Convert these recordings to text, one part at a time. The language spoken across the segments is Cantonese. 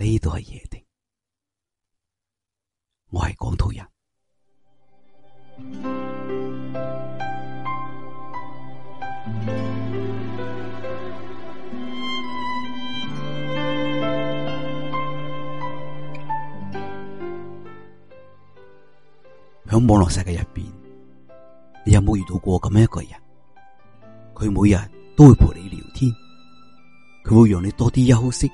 呢度係夜定，我係廣土人。喺網絡世界入邊，你有冇遇到過咁樣一個人？佢每日都會陪你聊天，佢會讓你多啲休息。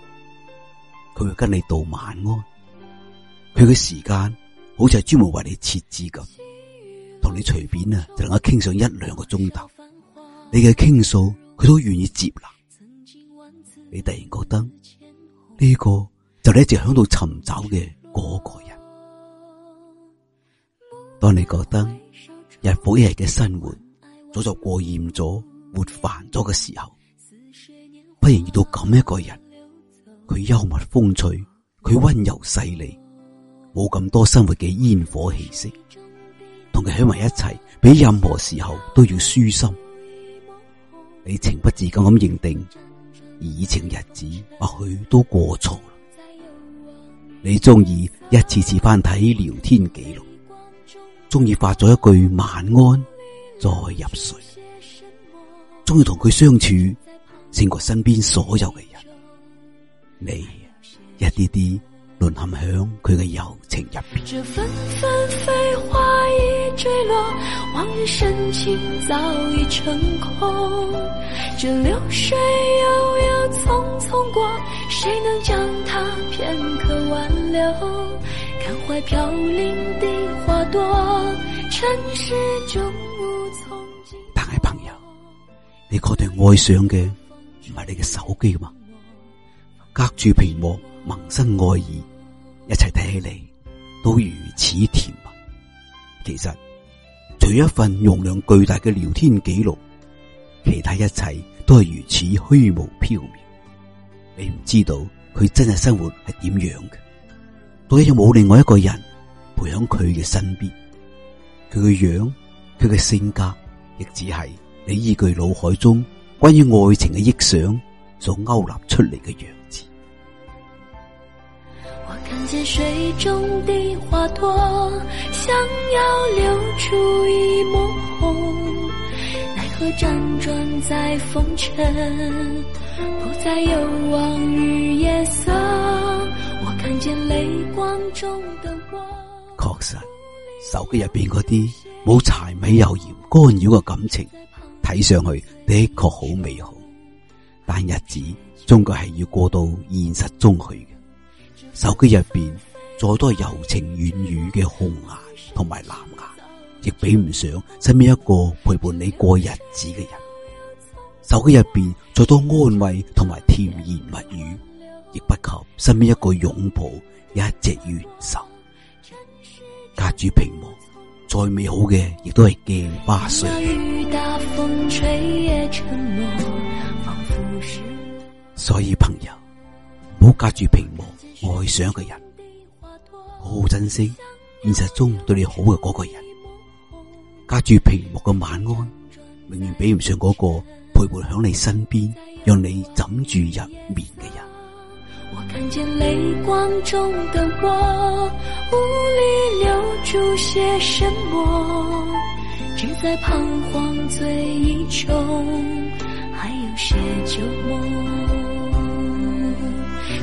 佢會跟你道晚安，佢嘅時間好似係專門為你設置咁，同你隨便啊就能夠傾上一兩個鐘頭，你嘅傾訴佢都願意接納。你突然覺得呢個就係你一直響度尋找嘅嗰個人。當你覺得日復一日嘅生活早就過厭咗，活煩咗嘅時候，忽然遇到咁一個人。佢幽默風趣，佢溫柔細膩，冇咁多生活嘅煙火氣息。同佢喺埋一齊，比任何時候都要舒心。你情不自禁咁認定，以前日子或許都過錯。你中意一次次翻睇聊天記錄，中意發咗一句晚安再入睡，中意同佢相處勝過身邊所有嘅人。你一啲啲淪陷響佢嘅柔情入邊，這紛紛飛花已墜落，往日深情早已成空。這流水悠悠匆匆過，誰能將它片刻挽留？看懷飄零的花朵，塵世中無從今。但係朋友，你確定愛上嘅唔係你嘅手機嘛？隔住屏幕萌生愛意，一齊睇起嚟都如此甜蜜。其實除咗一份容量巨大嘅聊天記錄，其他一切都係如此虛無縹緲。你唔知道佢真係生活係點樣嘅，到底有冇另外一個人陪喺佢嘅身邊，佢嘅樣、佢嘅性格，亦只係你依據腦海中關於愛情嘅臆想所勾勒出嚟嘅樣。是水中的花朵想要留住一抹紅，奈何輾轉在風塵，不再有往日夜色。我看見淚光中的我，確實手機入邊啲冇柴米油鹽干擾嘅感情，睇上去的確好美好，但日子終究係要過到現實中去嘅。手機入邊再多柔情軟語嘅紅顏同埋藍顏，亦比唔上身邊一個陪伴你過日子嘅人。手機入邊再多安慰同埋甜言蜜語，亦不及身邊一個擁抱一席熱枕。隔住屏幕，再美好嘅亦都係鏡花水月。所以朋友，唔好隔住屏幕。愛上一個人，好好珍惜現實中對你好嘅嗰個人，隔住屏幕嘅晚安，永遠比唔上嗰個陪伴響你身邊，讓你枕住入眠嘅人。我看見淚光中嘅我，無力留住些什麼，只在彷徨醉意中，還有些舊夢。